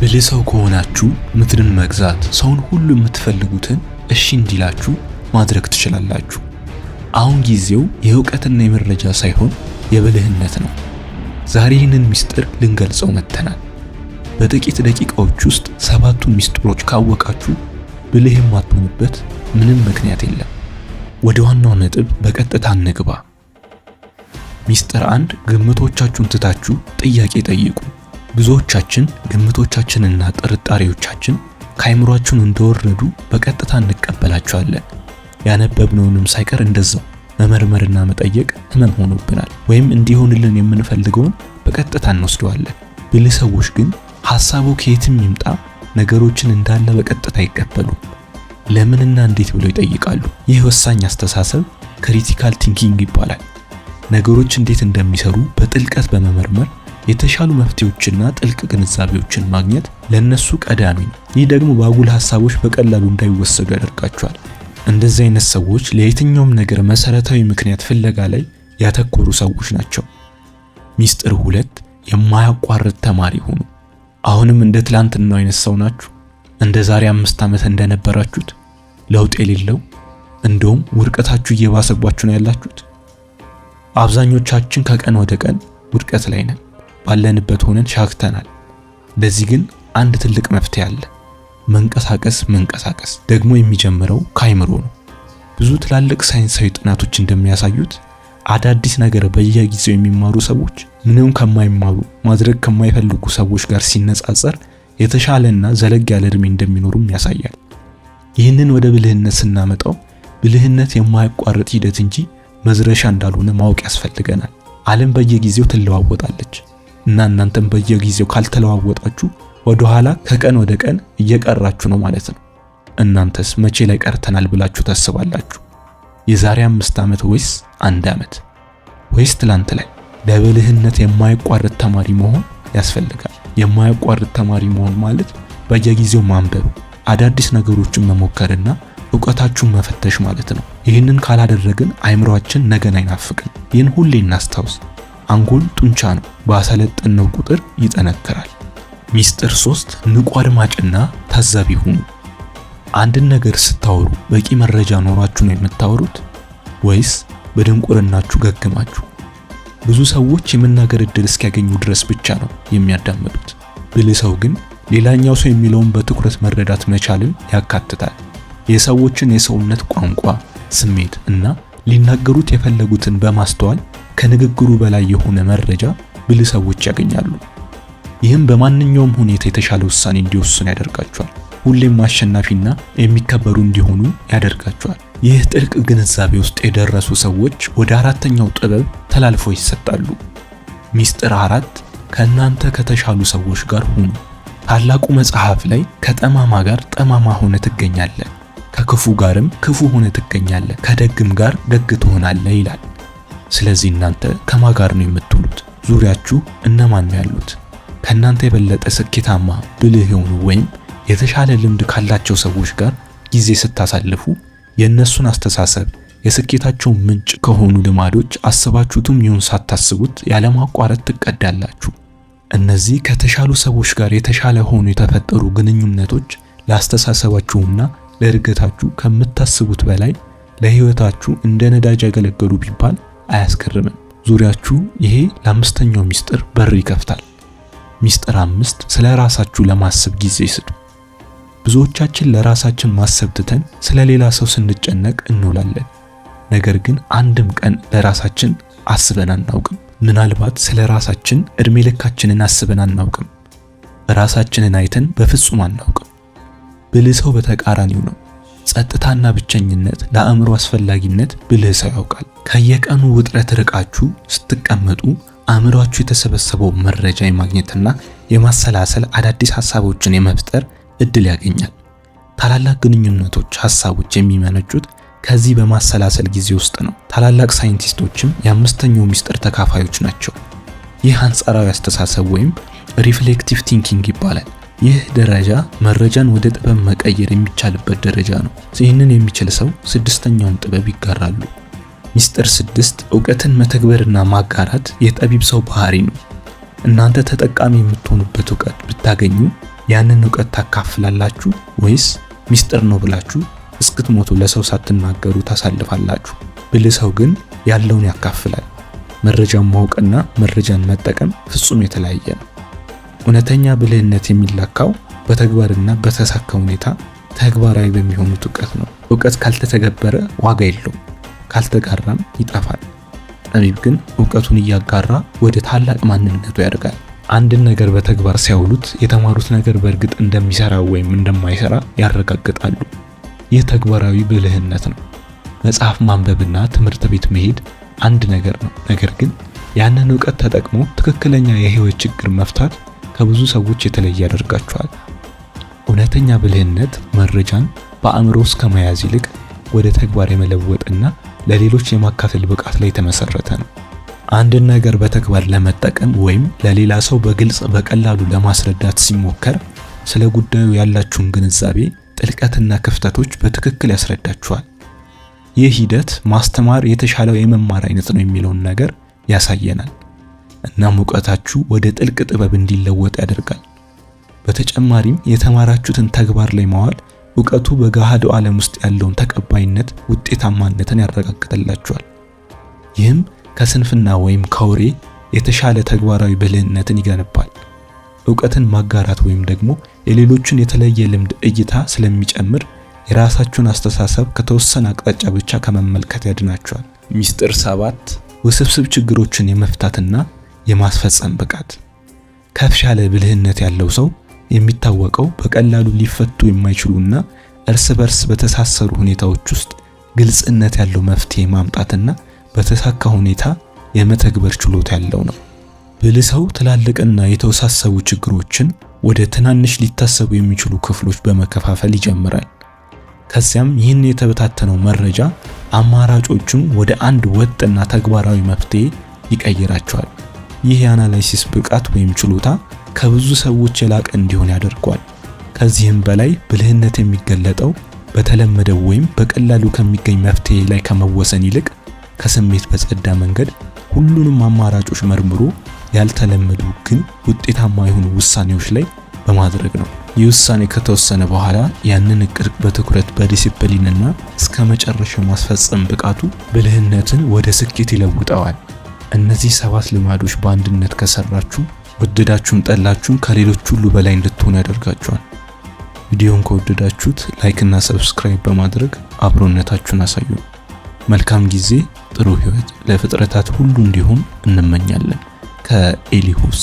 ብልህ ሰው ከሆናችሁ ምድርን መግዛት፣ ሰውን ሁሉ የምትፈልጉትን እሺ እንዲላችሁ ማድረግ ትችላላችሁ። አሁን ጊዜው የእውቀትና የመረጃ ሳይሆን የብልህነት ነው። ዛሬ ይህንን ምስጢር ልንገልጸው መጥተናል። በጥቂት ደቂቃዎች ውስጥ ሰባቱን ምስጢሮች ካወቃችሁ ብልህ የማትሆኑበት ምንም ምክንያት የለም። ወደ ዋናው ነጥብ በቀጥታ እንግባ። ሚስጥር አንድ ግምቶቻችሁን ትታችሁ ጥያቄ ጠይቁ። ብዙዎቻችን ግምቶቻችንና ጥርጣሬዎቻችን ከአይምሯችን እንደወረዱ በቀጥታ እንቀበላቸዋለን። ያነበብነውንም ሳይቀር እንደዛው መመርመርና መጠየቅ ህመም ሆኖብናል። ወይም እንዲሆንልን የምንፈልገውን በቀጥታ እንወስደዋለን። ብልህ ሰዎች ግን ሐሳቡ ከየትም ይምጣ ነገሮችን እንዳለ በቀጥታ አይቀበሉም። ለምንና እንዴት ብለው ይጠይቃሉ። ይህ ወሳኝ አስተሳሰብ ክሪቲካል ቲንኪንግ ይባላል። ነገሮች እንዴት እንደሚሰሩ በጥልቀት በመመርመር የተሻሉ መፍትሄዎችና ጥልቅ ግንዛቤዎችን ማግኘት ለነሱ ቀዳሚ ነው። ይህ ደግሞ በአጉል ሀሳቦች በቀላሉ እንዳይወሰዱ ያደርጋቸዋል። እንደዚህ አይነት ሰዎች ለየትኛውም ነገር መሰረታዊ ምክንያት ፍለጋ ላይ ያተኮሩ ሰዎች ናቸው። ሚስጥር ሁለት የማያቋርጥ ተማሪ ሁኑ። አሁንም እንደ ትላንትናው አይነት ሰው ናችሁ? እንደ ዛሬ አምስት ዓመት እንደነበራችሁት ለውጥ የሌለው እንደውም ውድቀታችሁ እየባሰባችሁ ነው ያላችሁት። አብዛኞቻችን ከቀን ወደ ቀን ውድቀት ላይ ነን። ባለንበት ሆነን ሻክተናል። ለዚህ ግን አንድ ትልቅ መፍትሄ አለ። መንቀሳቀስ መንቀሳቀስ ደግሞ የሚጀምረው ከአይምሮ ነው። ብዙ ትላልቅ ሳይንሳዊ ጥናቶች እንደሚያሳዩት አዳዲስ ነገር በየጊዜው የሚማሩ ሰዎች ምንም ከማይማሩ ማድረግ ከማይፈልጉ ሰዎች ጋር ሲነጻጸር የተሻለና ዘለግ ያለ እድሜ እንደሚኖሩም ያሳያል። ይህንን ወደ ብልህነት ስናመጣው ብልህነት የማያቋርጥ ሂደት እንጂ መዝረሻ እንዳልሆነ ማወቅ ያስፈልገናል። ዓለም በየጊዜው ትለዋወጣለች። እና እናንተም በየጊዜው ካልተለዋወጣችሁ ወደኋላ ከቀን ወደ ቀን እየቀራችሁ ነው ማለት ነው። እናንተስ መቼ ላይ ቀርተናል ብላችሁ ታስባላችሁ? የዛሬ አምስት ዓመት ወይስ አንድ ዓመት ወይስ ትላንት ላይ? ለብልህነት የማይቋረጥ ተማሪ መሆን ያስፈልጋል። የማያቋርጥ ተማሪ መሆን ማለት በየጊዜው ማንበብ፣ አዳዲስ ነገሮችን መሞከርና እውቀታችሁን መፈተሽ ማለት ነው። ይህንን ካላደረግን አይምሯችን ነገን አይናፍቅም። ይህን ሁሌ እናስታውስ። አንጎል ጡንቻ ነው። ባሰለጠነው ቁጥር ይጠነክራል። ሚስጥር ሶስት ንቁ አድማጭና ታዛቢ ሁኑ። አንድን ነገር ስታወሩ በቂ መረጃ ኖሯችሁ ነው የምታወሩት ወይስ በድንቁርናችሁ ገግማችሁ? ብዙ ሰዎች የመናገር እድል እስኪያገኙ ድረስ ብቻ ነው የሚያዳምጡት። ብልህ ሰው ግን ሌላኛው ሰው የሚለውን በትኩረት መረዳት መቻልን ያካትታል። የሰዎችን የሰውነት ቋንቋ፣ ስሜት እና ሊናገሩት የፈለጉትን በማስተዋል ከንግግሩ በላይ የሆነ መረጃ ብልህ ሰዎች ያገኛሉ። ይህም በማንኛውም ሁኔታ የተሻለ ውሳኔ እንዲወስኑ ያደርጋቸዋል። ሁሌም አሸናፊና የሚከበሩ እንዲሆኑ ያደርጋቸዋል። ይህ ጥልቅ ግንዛቤ ውስጥ የደረሱ ሰዎች ወደ አራተኛው ጥበብ ተላልፎ ይሰጣሉ። ሚስጥር አራት ከእናንተ ከተሻሉ ሰዎች ጋር ሁኑ። ታላቁ መጽሐፍ ላይ ከጠማማ ጋር ጠማማ ሆነ ትገኛለህ፣ ከክፉ ጋርም ክፉ ሆነ ትገኛለህ፣ ከደግም ጋር ደግ ትሆናለህ ይላል። ስለዚህ እናንተ ከማ ጋር ነው የምትውሉት? ዙሪያችሁ እነማን ነው ያሉት? ከእናንተ የበለጠ ስኬታማ፣ ብልህ የሆኑ ወይም የተሻለ ልምድ ካላቸው ሰዎች ጋር ጊዜ ስታሳልፉ የእነሱን አስተሳሰብ የስኬታቸው ምንጭ ከሆኑ ልማዶች አስባችሁትም ይሁን ሳታስቡት ያለማቋረጥ ትቀዳላችሁ። እነዚህ ከተሻሉ ሰዎች ጋር የተሻለ ሆኑ የተፈጠሩ ግንኙነቶች ለአስተሳሰባችሁና ለእድገታችሁ ከምታስቡት በላይ ለህይወታችሁ እንደ ነዳጅ ያገለገሉ ቢባል አያስገርምም። ዙሪያችሁ ይሄ ለአምስተኛው ሚስጥር በር ይከፍታል። ሚስጥር አምስት ስለ ራሳችሁ ለማሰብ ጊዜ ስጡ። ብዙዎቻችን ለራሳችን ማሰብ ትተን ስለ ሌላ ሰው ስንጨነቅ እንውላለን። ነገር ግን አንድም ቀን ለራሳችን አስበን አናውቅም። ምናልባት ስለ ራሳችን እድሜ ልካችንን አስበን አናውቅም። ራሳችንን አይተን በፍጹም አናውቅም። ብልህ ሰው በተቃራኒው ነው። ጸጥታና ብቸኝነት ለአእምሮ አስፈላጊነት ብልህ ሰው ያውቃል። ከየቀኑ ውጥረት ርቃችሁ ስትቀመጡ አእምሯችሁ የተሰበሰበው መረጃ የማግኘትና የማሰላሰል አዳዲስ ሀሳቦችን የመፍጠር እድል ያገኛል። ታላላቅ ግንኙነቶች፣ ሀሳቦች የሚመነጩት ከዚህ በማሰላሰል ጊዜ ውስጥ ነው። ታላላቅ ሳይንቲስቶችም የአምስተኛው ምስጢር ተካፋዮች ናቸው። ይህ አንጻራዊ አስተሳሰብ ወይም ሪፍሌክቲቭ ቲንኪንግ ይባላል። ይህ ደረጃ መረጃን ወደ ጥበብ መቀየር የሚቻልበት ደረጃ ነው። ይህንን የሚችል ሰው ስድስተኛውን ጥበብ ይጋራሉ። ሚስጥር ስድስት እውቀትን መተግበርና ማጋራት የጠቢብ ሰው ባህሪ ነው። እናንተ ተጠቃሚ የምትሆኑበት እውቀት ብታገኙ ያንን እውቀት ታካፍላላችሁ ወይስ ሚስጥር ነው ብላችሁ እስክትሞቱ ለሰው ሳትናገሩ ታሳልፋላችሁ? ብልህ ሰው ግን ያለውን ያካፍላል። መረጃን ማወቅና መረጃን መጠቀም ፍጹም የተለያየ ነው። እውነተኛ ብልህነት የሚለካው በተግባርና በተሳካ ሁኔታ ተግባራዊ በሚሆኑት እውቀት ነው። እውቀት ካልተተገበረ ዋጋ የለውም፣ ካልተጋራም ይጠፋል። ጠቢብ ግን እውቀቱን እያጋራ ወደ ታላቅ ማንነቱ ያደርጋል። አንድን ነገር በተግባር ሲያውሉት የተማሩት ነገር በእርግጥ እንደሚሰራ ወይም እንደማይሰራ ያረጋግጣሉ። ይህ ተግባራዊ ብልህነት ነው። መጽሐፍ ማንበብና ትምህርት ቤት መሄድ አንድ ነገር ነው። ነገር ግን ያንን እውቀት ተጠቅሞ ትክክለኛ የህይወት ችግር መፍታት ከብዙ ሰዎች የተለየ ያደርጋቸዋል። እውነተኛ ብልህነት መረጃን በአእምሮ እስከ ከመያዝ ይልቅ ወደ ተግባር የመለወጥና ለሌሎች የማካፈል ብቃት ላይ የተመሰረተ ነው። አንድን ነገር በተግባር ለመጠቀም ወይም ለሌላ ሰው በግልጽ በቀላሉ ለማስረዳት ሲሞከር ስለ ጉዳዩ ያላችሁን ግንዛቤ ጥልቀትና ክፍተቶች በትክክል ያስረዳችኋል። ይህ ሂደት ማስተማር የተሻለው የመማር አይነት ነው የሚለውን ነገር ያሳየናል። እናም ሙቀታችሁ ወደ ጥልቅ ጥበብ እንዲለወጥ ያደርጋል። በተጨማሪም የተማራችሁትን ተግባር ላይ ማዋል እውቀቱ በገሃዱ ዓለም ውስጥ ያለውን ተቀባይነት፣ ውጤታማነትን ያረጋግጥላችኋል። ይህም ከስንፍና ወይም ከውሬ የተሻለ ተግባራዊ ብልህነትን ይገነባል። እውቀትን ማጋራት ወይም ደግሞ የሌሎችን የተለየ ልምድ እይታ ስለሚጨምር የራሳችሁን አስተሳሰብ ከተወሰነ አቅጣጫ ብቻ ከመመልከት ያድናችኋል። ሚስጥር ሰባት ውስብስብ ችግሮችን የመፍታትና የማስፈጸም ብቃት። ከፍ ያለ ብልህነት ያለው ሰው የሚታወቀው በቀላሉ ሊፈቱ የማይችሉና እርስ በርስ በተሳሰሩ ሁኔታዎች ውስጥ ግልጽነት ያለው መፍትሄ ማምጣትና በተሳካ ሁኔታ የመተግበር ችሎታ ያለው ነው። ብልህ ሰው ትላልቅና የተወሳሰቡ ችግሮችን ወደ ትናንሽ ሊታሰቡ የሚችሉ ክፍሎች በመከፋፈል ይጀምራል። ከዚያም ይህን የተበታተነው መረጃ አማራጮቹን ወደ አንድ ወጥና ተግባራዊ መፍትሄ ይቀይራቸዋል። ይህ የአናላይሲስ ብቃት ወይም ችሎታ ከብዙ ሰዎች የላቀ እንዲሆን ያደርገዋል። ከዚህም በላይ ብልህነት የሚገለጠው በተለመደው ወይም በቀላሉ ከሚገኝ መፍትሄ ላይ ከመወሰን ይልቅ ከስሜት በጸዳ መንገድ ሁሉንም አማራጮች መርምሮ ያልተለመዱ ግን ውጤታማ የሆኑ ውሳኔዎች ላይ በማድረግ ነው። ይህ ውሳኔ ከተወሰነ በኋላ ያንን እቅድ በትኩረት በዲሲፕሊንና እስከ መጨረሻው ማስፈጸም ብቃቱ ብልህነትን ወደ ስኬት ይለውጠዋል። እነዚህ ሰባት ልማዶች በአንድነት ከሰራችሁ ወደዳችሁም ጠላችሁም ከሌሎች ሁሉ በላይ እንድትሆኑ ያደርጋችኋል። ቪዲዮን ከወደዳችሁት ላይክ እና ሰብስክራይብ በማድረግ አብሮነታችሁን አሳዩ። መልካም ጊዜ፣ ጥሩ ህይወት ለፍጥረታት ሁሉ እንዲሆን እንመኛለን። ከኤሊሁስ